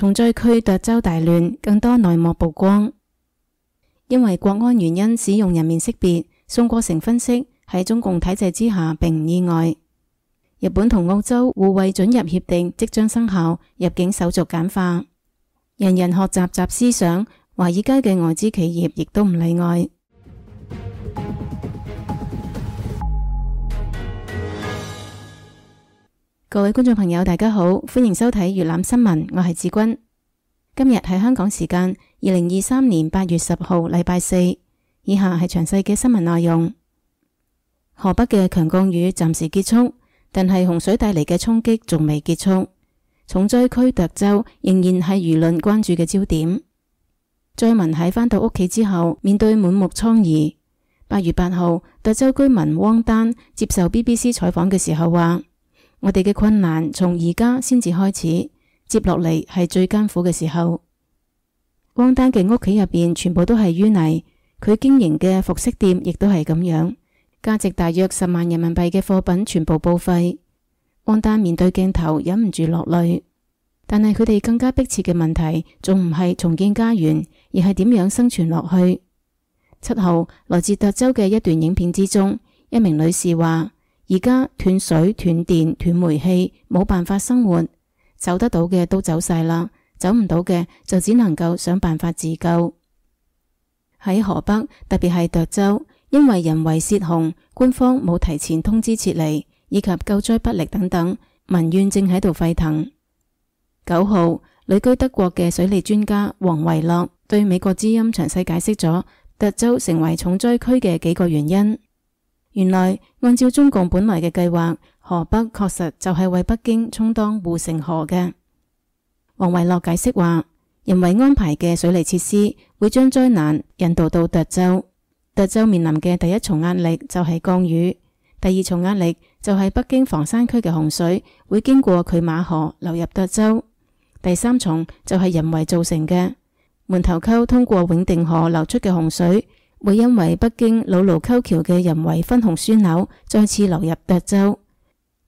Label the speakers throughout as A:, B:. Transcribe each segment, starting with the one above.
A: 重災區涿州大亂，更多內幕曝光。因為國安原因使用人面識別，宋國誠分析喺中共體制之下並唔意外。日本同澳洲互惠准入協定即將生效，入境手續簡化。人人學習習思想，華爾街嘅外資企業亦都唔例外。各位觀眾朋友，大家好，歡迎收睇《粵覽新聞》，我係紫君。今日係香港時間二零二三年八月十號，禮拜四。以下係詳細嘅新聞內容。河北嘅強降雨暫時結束，但係洪水帶嚟嘅衝擊仲未結束。重災區涿州仍然係輿論關注嘅焦點。災民喺返到屋企之後，面對滿目瘡痍。八月八號，涿州居民汪丹接受 BBC 採訪嘅時候話我哋嘅困難從而家先至開始，接落嚟係最艱苦嘅時候。汪丹嘅屋企入邊全部都係淤泥，佢經營嘅服飾店亦都係咁樣，價值大約十萬人民幣嘅貨品全部報廢。汪丹面對鏡頭，忍唔住落淚。但係佢哋更加迫切嘅問題，仲唔係重建家園，而係點樣生存落去？七號來自德州嘅一段影片之中，一名女士話。而家斷水、斷電、斷煤氣，冇辦法生活。走得到嘅都走晒啦，走唔到嘅就只能夠想辦法自救。喺河北，特別係涿州，因為人為泄洪，官方冇提前通知撤離，以及救災不力等等，民怨正喺度沸騰。九號，旅居德國嘅水利專家王維洛對美國之音詳細解釋咗涿州成為重災區嘅幾個原因。原來按照中共本來嘅計劃，河北確實就係為北京充當護城河嘅。王維洛解釋話：人為安排嘅水利設施會將災難引導到涿州。涿州面臨嘅第一重壓力就係降雨，第二重壓力就係北京房山區嘅洪水會經過拒馬河流入涿州，第三重就係人為造成嘅門頭溝通過永定河流出嘅洪水。會因為北京老盧溝橋嘅人為分洪樞紐再次流入涿州，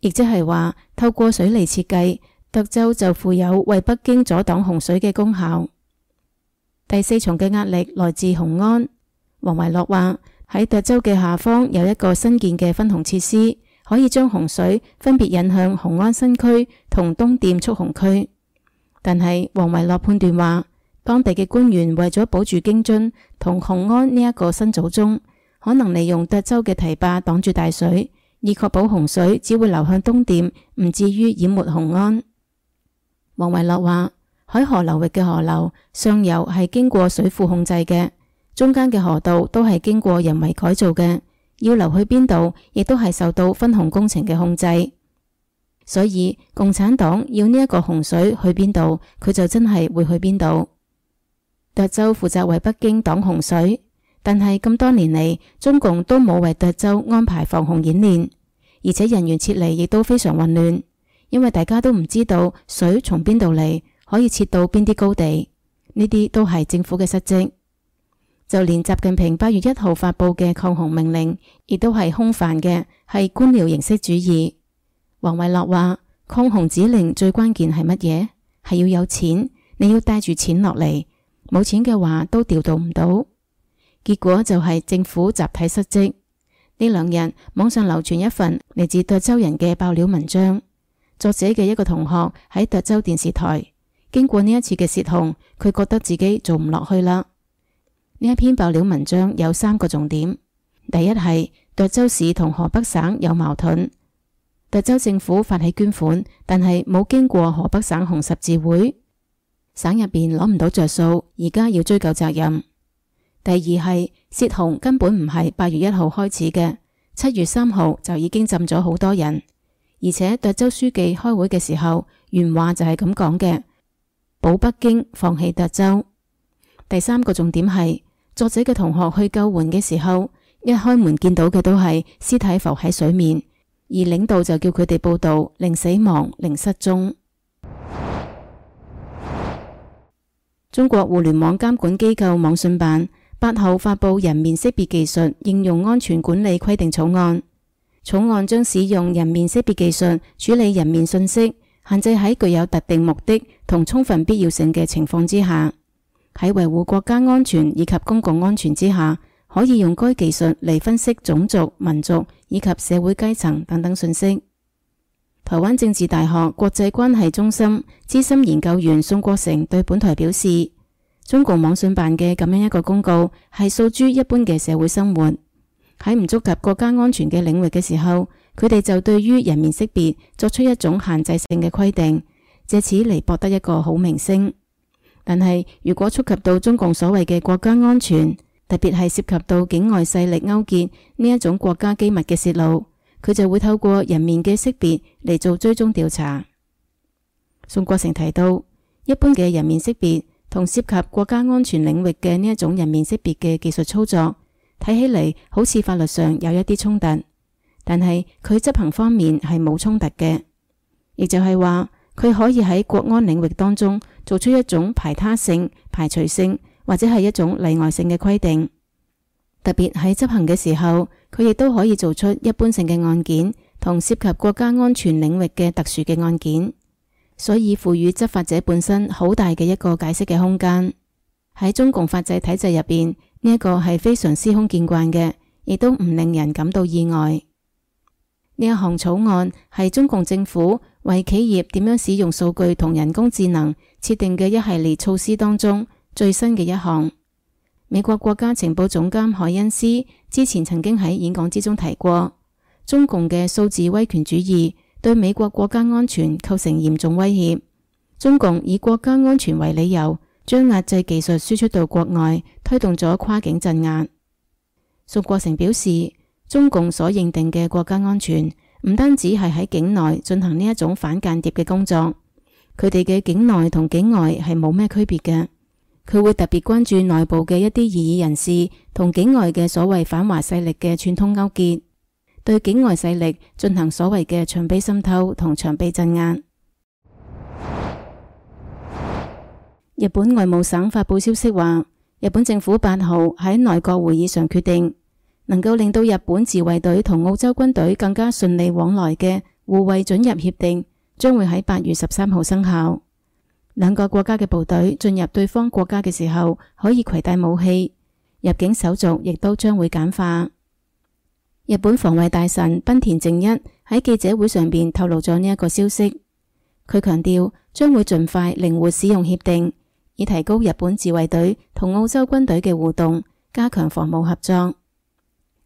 A: 亦即係話透過水利設計，涿州就負有為北京阻擋洪水嘅功效。第四重嘅壓力來自雄安，王維洛話喺涿州嘅下方有一個新建嘅分洪設施，可以將洪水分別引向雄安新區同東店蓄洪區。但係王維洛判斷話。當地嘅官員為咗保住京津同雄安呢一個新祖宗，可能利用涿州嘅堤壩擋住大水，以確保洪水只會流向東店，唔至於淹沒雄安。王維洛話：海河流域嘅河流上游係經過水庫控制嘅，中間嘅河道都係經過人為改造嘅，要流去邊度亦都係受到分洪工程嘅控制。所以，共產黨要呢一個洪水去邊度，佢就真係會去邊度。涿州負責為北京擋洪水，但係咁多年嚟，中共都冇為涿州安排防洪演練，而且人員撤離亦都非常混亂，因為大家都唔知道水從邊度嚟，可以撤到邊啲高地。呢啲都係政府嘅失職。就連習近平八月一號發布嘅抗洪命令，亦都係空泛嘅，係官僚形式主義。王維洛話：抗洪指令最關鍵係乜嘢？係要有錢，你要帶住錢落嚟。冇錢嘅話都調動唔到，結果就係政府集體失職。呢兩日網上流傳一份嚟自涿州人嘅爆料文章，作者嘅一個同學喺涿州電視台，經過呢一次嘅洩洪，佢覺得自己做唔落去啦。呢一篇爆料文章有三個重點，第一係涿州市同河北省有矛盾，涿州政府發起捐款，但係冇經過河北省紅十字會。省入邊攞唔到着數，而家要追究責任。第二係泄洪根本唔係八月一號開始嘅，七月三號就已經浸咗好多人。而且涿州書記開會嘅時候，原話就係咁講嘅：保北京，放棄涿州。第三個重點係作者嘅同學去救援嘅時候，一開門見到嘅都係屍體浮喺水面，而領導就叫佢哋報道零死亡、零失蹤。中國互聯網監管機構網信辦八號發佈《人面識別技術應用安全管理規定》草案。草案將使用人面識別技術處理人面信息，限制喺具有特定目的同充分必要性嘅情況之下，喺維護國家安全以及公共安全之下，可以用該技術嚟分析種族、民族以及社會階層等等信息。台灣政治大學國際關係中心資深研究員宋國誠對本台表示：中共網信辦嘅咁樣一個公告，係訴諸一般嘅社會生活，喺唔觸及國家安全嘅領域嘅時候，佢哋就對於人面識別作出一種限制性嘅規定，借此嚟博得一個好名聲。但係如果觸及到中共所謂嘅國家安全，特別係涉及到境外勢力勾結呢一種國家機密嘅泄露，佢就會透過人面嘅識別嚟做追蹤調查。宋國誠提到，一般嘅人面識別同涉及國家安全領域嘅呢一種人面識別嘅技術操作，睇起嚟好似法律上有一啲衝突，但係佢執行方面係冇衝突嘅，亦就係話佢可以喺國安領域當中做出一種排他性、排除性或者係一種例外性嘅規定。特別喺執行嘅時候，佢亦都可以做出一般性嘅案件，同涉及國家安全領域嘅特殊嘅案件，所以賦予執法者本身好大嘅一個解釋嘅空間。喺中共法制體制入邊，呢一個係非常司空見慣嘅，亦都唔令人感到意外。呢一項草案係中共政府為企業點樣使用數據同人工智能設定嘅一系列措施當中最新嘅一項。美國國家情報總監海恩斯之前曾經喺演講之中提過，中共嘅數字威權主義對美國國家安全構成嚴重威脅。中共以國家安全為理由，將壓制技術輸出到國外，推動咗跨境鎮壓。宋國誠表示，中共所認定嘅國家安全唔單止係喺境內進行呢一種反間諜嘅工作，佢哋嘅境內同境外係冇咩區別嘅。佢會特別關注內部嘅一啲異議人士同境外嘅所謂反華勢力嘅串通勾結，對境外勢力進行所謂嘅長臂滲透同長臂鎮壓。日本外務省發布消息話，日本政府八號喺內閣會議上決定，能夠令到日本自衛隊同澳洲軍隊更加順利往來嘅互惠准入協定，將會喺八月十三號生效。兩個國家嘅部隊進入對方國家嘅時候，可以攜帶武器，入境手續亦都將會簡化。日本防衛大臣濱田靖一喺記者會上邊透露咗呢一個消息。佢強調將會盡快靈活使用協定，以提高日本自衛隊同澳洲軍隊嘅互動，加強防務合作。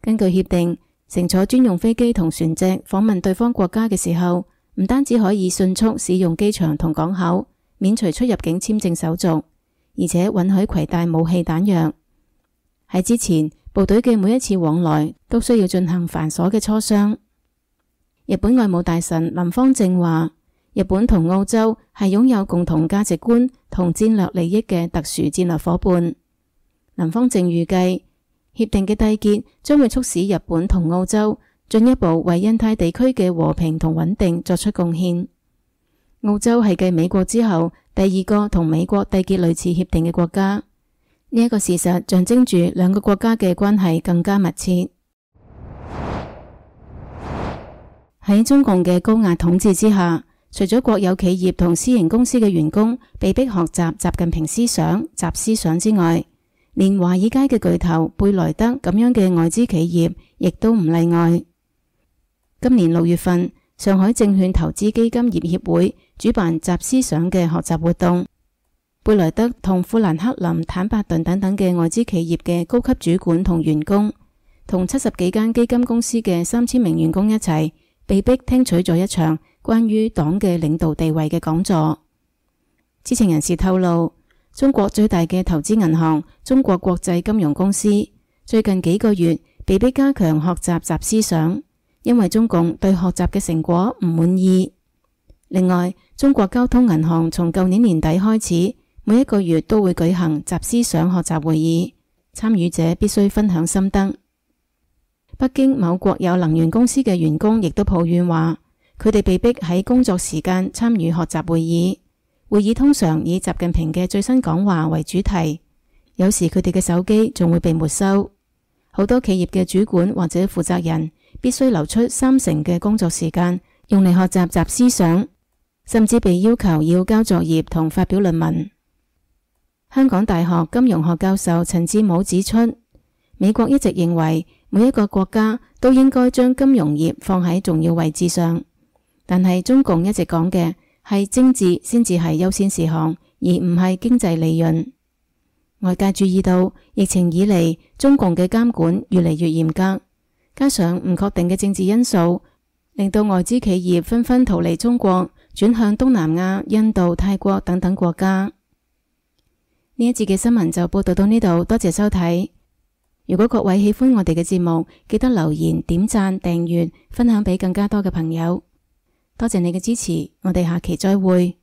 A: 根據協定，乘坐專用飛機同船隻訪問對方國家嘅時候，唔單止可以迅速使用機場同港口。免除出入境簽證手續，而且允許攜帶武器彈藥。喺之前，部隊嘅每一次往來都需要進行繁瑣嘅磋商。日本外務大臣林芳正話，日本同澳洲係擁有共同價值觀同戰略利益嘅特殊戰略夥伴。林芳正預計，協定嘅締結將會促使日本同澳洲進一步為印太地區嘅和平同穩定作出貢獻。澳洲係繼美國之後第二個同美國締結類似協定嘅國家，呢一個事實象徵住兩個國家嘅關係更加密切。喺 中共嘅高壓統治之下，除咗國有企業同私營公司嘅員工被迫學習習近平思想、習思想之外，連華爾街嘅巨頭貝萊德咁樣嘅外資企業亦都唔例外。今年六月份。上海證券投資基金業協會主辦習思想嘅學習活動，貝萊德同富蘭克林坦伯頓等等嘅外資企業嘅高級主管同員工，同七十幾間基金公司嘅三千名員工一齊，被逼聽取咗一場關於黨嘅領導地位嘅講座。知情人士透露，中國最大嘅投資銀行中國國際金融公司，最近幾個月被迫加強學習習思想。因為中共對學習嘅成果唔滿意。另外，中國交通銀行從舊年年底開始，每一個月都會舉行習思想學習會議，參與者必須分享心得。北京某國有能源公司嘅員工亦都抱怨話，佢哋被迫喺工作時間參與學習會議，會議通常以習近平嘅最新講話為主題，有時佢哋嘅手機仲會被沒收。好多企業嘅主管或者負責人，必須留出三成嘅工作時間用嚟學習習思想，甚至被要求要交作業同發表論文。香港大學金融學教授陳志武指出，美國一直認為每一個國家都應該將金融業放喺重要位置上，但係中共一直講嘅係政治先至係優先事項，而唔係經濟利潤。外界注意到疫情以嚟，中共嘅監管越嚟越嚴格。加上唔確定嘅政治因素，令到外資企業紛紛逃離中國，轉向東南亞、印度、泰國等等國家。呢一節嘅新聞就報道到呢度，多謝收睇。如果各位喜歡我哋嘅節目，記得留言、點讚、訂閱、分享俾更加多嘅朋友。多謝你嘅支持，我哋下期再會。